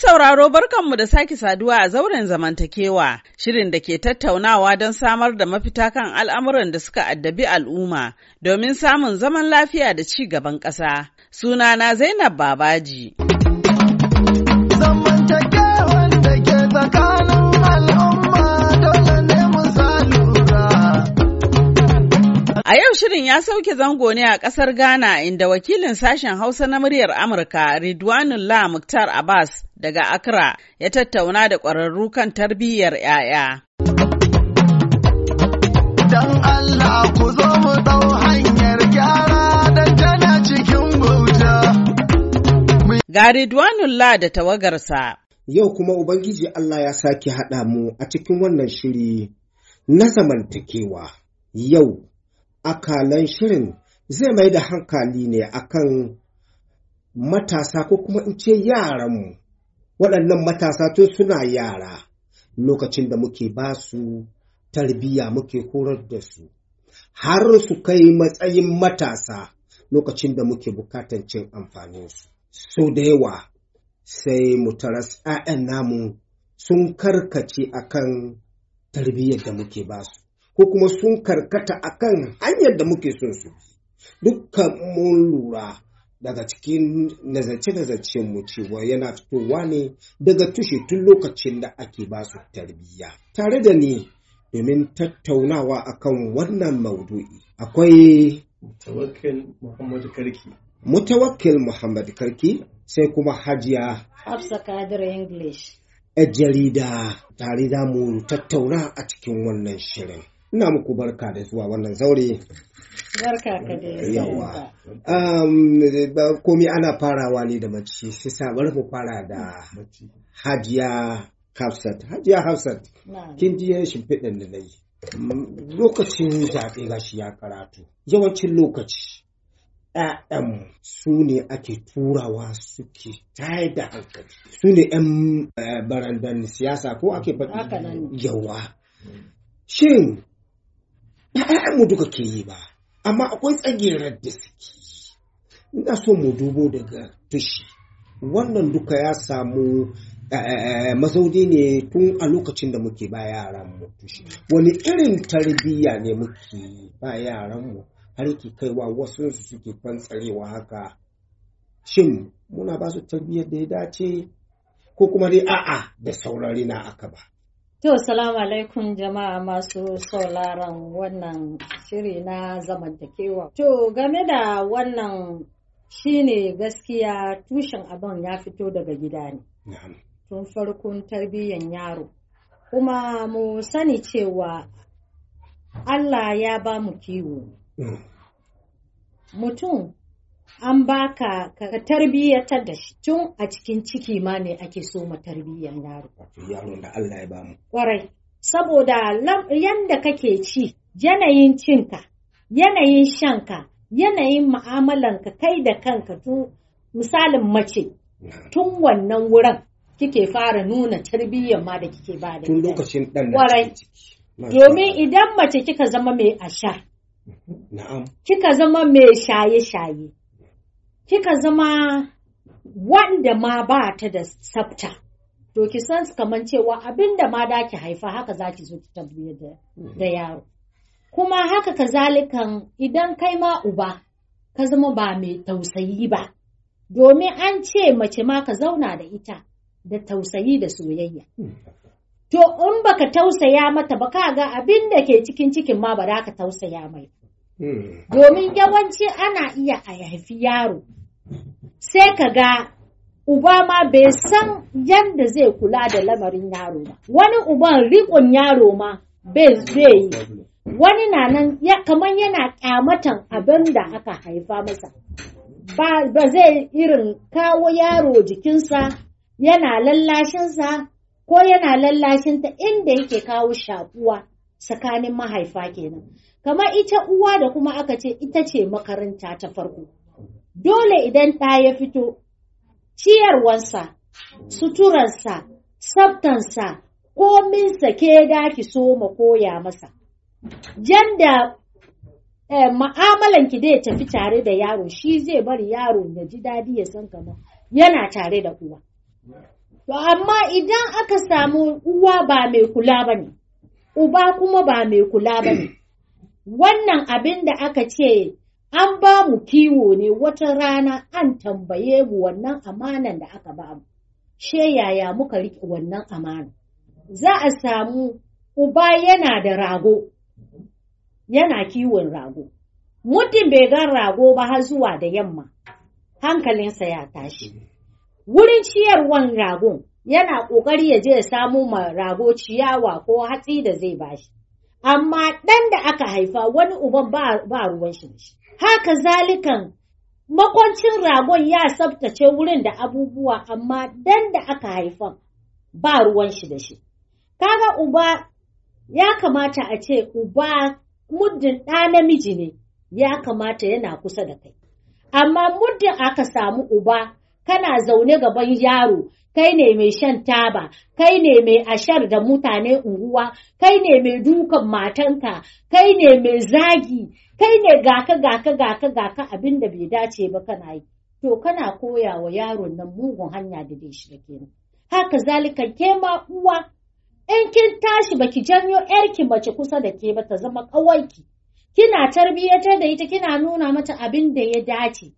sauraro barkanmu da sake saduwa a zauren zamantakewa, shirin da ke tattaunawa don samar da mafita kan al'amuran da suka addabi al'umma domin samun zaman lafiya da ci gaban ƙasa. Sunana Zainab Babaji. A yau shirin ya sauke zango ne a ƙasar Ghana inda wakilin sashen Hausa na muryar Amurka Ridwanullah Muktar Abbas daga Accra ya tattauna da ƙwararru kan tarbiyyar 'ya'ya. Dan Allah ku zo mu ɗau hanyar gyara da tana cikin bauta. Ga Ridwanullah da tawagarsa. Yau kuma Ubangiji Allah ya sake haɗa mu a cikin wannan shiri na zamantakewa. Yau, akalan shirin zai mai da hankali ne akan matasa ko kuma in ce yaranmu waɗannan matasa tun suna yara lokacin da muke ba su tarbiyya muke horar da su har su kai matsayin matasa lokacin da muke bukatan cin su. So da yawa sai mu taras ‘ya'yan namu sun karkace akan tarbiyyar da muke ba su, ko kuma sun karkata akan hanyar da muke son su. Dukkan mun lura daga cikin nazarce-nazarcenmu cewa yana fitowa ne daga tushe tun lokacin da ake ba su tarbiyya. Tare da ni domin tattaunawa akan wannan maudu'i akwai Mutawakkil Muhammad Karki. sai kuma Hajiya. Hafsa Kadir English. A jarida tare za mu tattauna a cikin wannan shirin. ina muku barka da zuwa wannan zaure barka ka da yawa komi ana farawa ne da mace shi sa bari fara da hajiya hafsat hajiya hafsat kin ji shimfiɗin da na lokacin zaɓe gashi ya karatu yawancin lokaci ‘ya'yan su ne ake turawa suke tayar da hankali su ne ‘yan eh, barandan siyasa ko ake faɗi yawa shin ba mu duka ke yi ba amma akwai tsagerar da suke ina so mu dubo daga tushi wannan duka ya samu eh, mazauni ne tun a lokacin da muke ba yaran mu tushi wani irin tarbiyya ne muke ba yaran mu har ke kaiwa wasu su suke fantsarewa haka shin muna ba su tarbiyyar da ya dace ko kuma dai a'a da saurari na aka ba To, salamu alaikum jama'a masu sauraron wannan shiri na zamantakewa. To, game da wannan shine gaskiya tushen abin ya fito daga gida ne. Tun farkon tarbiyyan yaro. Kuma mu sani cewa Allah ya ba mu kiwo. Mm. Mutum an baka ka tarbiyyatar da shi tun a cikin ciki ma ne ake so ma tarbiyyar yaro yaron da Allah ya ba mu kwarai saboda yanda kake ci yanayin cinka yanayin shanka yanayin mu'amalanka kai da kanka tu misalin mace tun wannan wurin kike fara nuna tarbiyyar ma da kike ba da tun lokacin dan kwarai domin idan mace kika zama mai asha kika zama mai shaye-shaye kika zama wanda ma ba ta da sabta. To ki san kamar cewa abin da ma da ki haifa haka za ki zo ki tabbiyar da, yaro. Kuma haka ka zalikan idan kai ma uba ka zama ba mai tausayi ba. Domin an ce mace ma ka zauna da ita da tausayi da soyayya. To in baka tausaya mata ba ka ga abin da ke cikin cikin ma ba za ka tausaya mai. Hmm. Domin yawanci ana iya a haifi yaro sai ka ga uba ma bai san yadda zai kula da lamarin yaro ba wani uban rikon yaro ma bai zai yi wani na nan kamar yana kyamatan abin da aka haifa masa ba zai irin kawo yaro jikinsa yana lallashinsa ko yana ta inda yake kawo shakuwa tsakanin mahaifa kenan kamar ita uwa da kuma aka ce ita ce makaranta ta farko dole idan ɗa ya fito, ciyarwarsa, suturarsa, tsaftansa, kominsa ke daki so ma koya masa. jan da eh, ma'amalanki dai tafi tare da yaro, shi zai bari yaro ya ji daɗi ya san kama yana tare da uwa. To amma idan aka samu uwa ba mai kula ba ne, uba kuma ba mai kula ba ne, wannan abin da aka ce an ba mu kiwo ne wata rana an tambaye mu wannan amanan da aka ba mu, she yaya muka riƙe wannan amana. Za a samu uba yana da rago, yana kiwon rago, muddin bai ga rago ba har zuwa da yamma, hankalinsa ya tashi. Wurin ciyarwan ragon yana ƙoƙari ya je ya samu ma rago ciyawa ko hatsi da zai bashi. amma ɗan da aka haifa wani uban ba ruwan shi Haka zalikan makoncin ragon ya tsabtace wurin da abubuwa amma dan da aka haifa ba ruwan shi da shi. Kaga uba ya kamata a ce uba muddin ɗa namiji ne ya kamata yana kusa da kai. Amma muddin aka samu uba kana zaune gaban yaro kai ne mai shan taba kai ne mai ashar da mutane unguwa kai ne mai dukan matanka kai ne mai zagi kai ne gaka gaka gaka gaka abin da bai dace ba kana yi to kana koya wa yaron nan mugun hanya da bai shiga kenan haka zalika ke ma uwa in kin tashi baki janyo yarki mace kusa da ke ba ta zama kawai kina tarbiyyatar da ita kina nuna mata abin da ya dace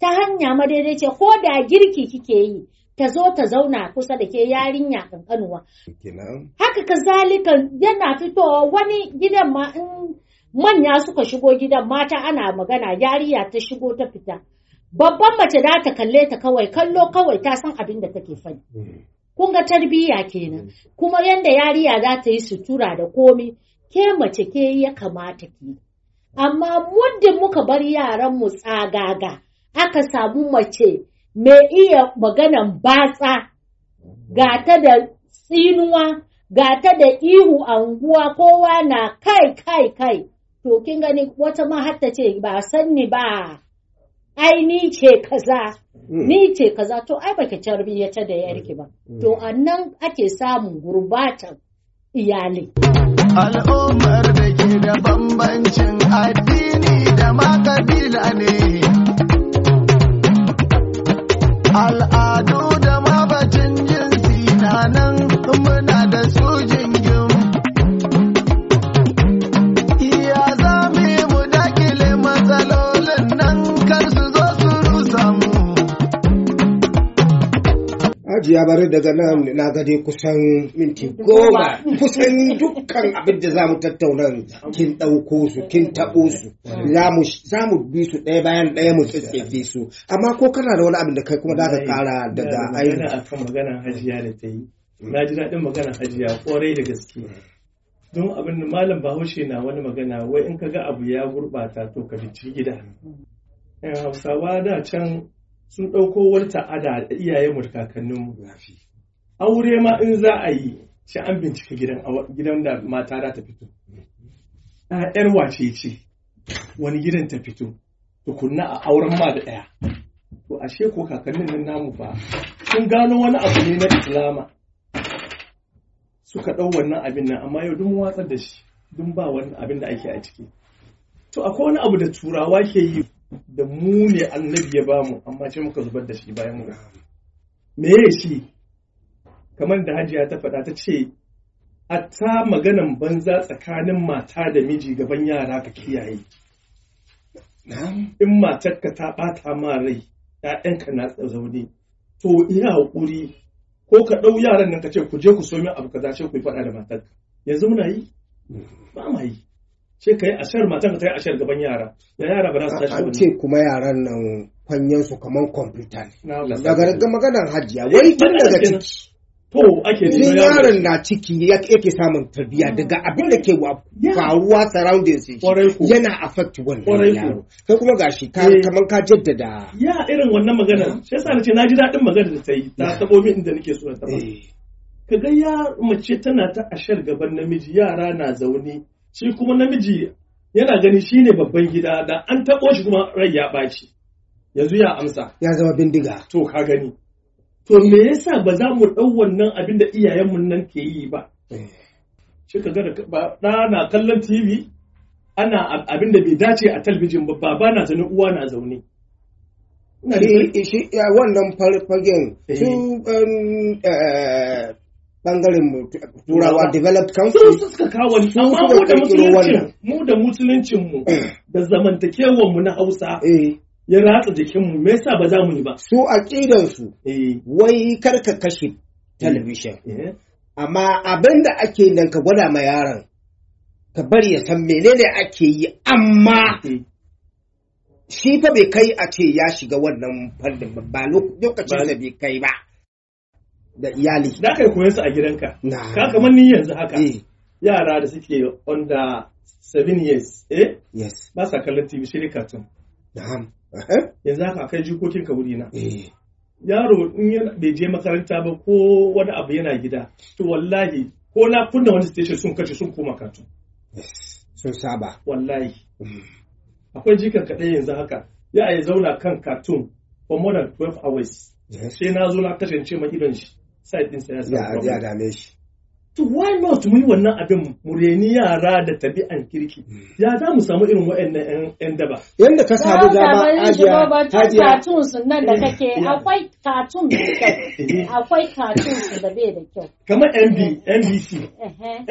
ta hanya ce ko da girki kike yi ta zo ta zauna kusa da ke yarinya kankanuwa. Haka ka zalika yana fitowa wani gidan ma in manya suka shigo gidan mata ana magana yariya ta shigo ta fita. Babban mace da ta kalle ta kawai kallo kawai ta san abin da take faɗi. Mm. Kun ga tarbiyya kenan mm. kuma yadda yariya za ta yi sutura da komi ke mace ke ya kamata ki. Amma muddin muka bar yaran mu tsagaga. aka samu mace mai iya maganan batsa ga ta da tsinuwa ga ta da ihu anguwa kowa na kai kai kai to kin gani wata ma hatta ce ba san ni ba ai ni ce kaza mm. ni ce kaza to ai baki ta da yarki ba mm. to annan ake samun gurbatan iyali al'ummar da ke da bambancin addini da ma kabila ne hajiya bari daga nan na gade kusan minti goma kusan dukkan abin da za mu tattauna kin ɗauko su kin taɓo su za mu bi su ɗaya bayan ɗaya mu tsitsefe su amma ko kana da wani abin da kai kuma za ka ƙara daga ainihin akan maganar hajiya da ta yi na ji daɗin maganar hajiya ƙwarai da gaske don abin da malam bahaushe na wani magana wai in ka ga abu ya gurɓata to ka bi gida eh, hausawa da can sun ɗauko wani ta'ada da iyayen mu da kakanninmu aure ma in za a yi shi an bincika gidan gidan da mata da ta fito yar wace ce wani gidan ta fito tukunna a auren ma da ɗaya to ashe ko kakannin nan namu ba sun gano wani abu ne na islama suka ɗau wannan abin nan amma yau dun watsar da shi dun ba wani abin da ake a ciki to akwai wani abu da turawa ke yi da mu ne annabi ya bamu amma sai muka zubar da shi bayan mu me shi kamar da hajiya ta faɗa ta ce a ta maganan banza tsakanin mata da miji gaban yara ka kiyaye in matarka ta ɓata ma rai ‘ya'yanka na zaune to iya haƙuri ko ka ɗau yaran nan ka ce ku je ku so min abu kaza zace ku yi faɗa da matarka yanzu muna yi mm. ba ma yi sai ka yi ashar matan ta yi ashar gaban yara da yara ba za su tashi an ce kuma yaran nan kwanyen su kaman kwamfuta ne daga maganar hajiya wai eh, tun daga ciki to ake ne yaron na ciki yake samun tarbiya, ah. daga abin da ke faruwa surrounding shi yana affect wannan yaro kai kuma gashi eh. kaman ka jaddada ya irin wannan magana shi yasa nace naji dadin maganar da ta yi ta tabo min inda nake so ta eh. Ka ga ya mace tana ta ashar gaban namiji yara na zaune shi kuma namiji yana gani shi ne babban gida da an taɓo shi kuma rai ya ɓaci yanzu ya amsa ya zama bindiga to ka gani to me yasa ba za mu ɗau wannan abin da iyayenmu nan ke yi ba eh. shi ka ga ba na kallon tv ana abin da bai dace a talbijin ba baba na zaune uwa na zaune wannan fagen tun eh. bangaren turawa developed country su suka kawo wani amma mu da musuluncin mu da musuluncin mu da zamantakewar mu na Hausa eh. ya ratsa jikin mu me yasa ba za mu yi ba su aqidan su eh. wai karka kashe eh. television amma abinda ake nan ka gwada ma yaron ka bari ya san menene ake yi amma shi fa bai kai a ce ya shiga wannan fannin ba lokacin da bai kai ba da iyali da ka koyar su a gidanka Na. ka kamar ni yanzu haka eh. yara da suke under seven years eh yes ba sa kallon tv shi ne cartoon na'am yanzu haka kai jikokin ka wuri na eh. yaro in bai je makaranta ba ko wani abu yana gida to wallahi ko na kunna wani station sun kace sun koma cartoon yes sun saba wallahi mm. akwai jikan kaɗai yanzu haka ya a zauna kan cartoon for more than 12 hours sai na zo na kasance mai idon shi side ɗinsa ya samu ya dame shi to why not mu yi wannan abin mu reni yara da tabi'an kirki hmm. ya za mu samu irin waɗannan yan daba yanda ka samu dama ajiya hajiya katun nan da eh, kake akwai katun da eh. akwai katun da bai da kyau kamar MB MBC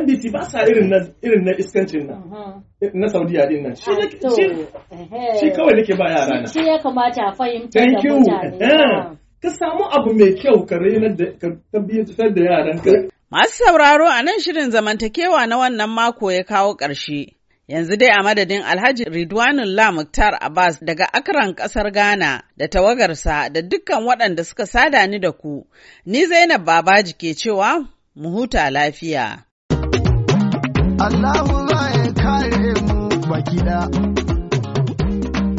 MBC eh, ba sa irin na irin na iskancin nan uh-huh. na Saudiya din nan shi ah, shi kawai nake ba yara na shi ya kamata a fahimta da mutane ah. ka samu abu mai kyau ka rainar da ka yaranka. Masu sauraro a nan shirin zamantakewa na wannan mako ya kawo ƙarshe. Yanzu dai a madadin Alhaji Ridwanullah Muktar Abbas daga Akran ƙasar Ghana da tawagarsa da dukkan waɗanda suka sada ni da ku, ni Zainab Babaji ke cewa mu huta lafiya. allahu ya kare mu baki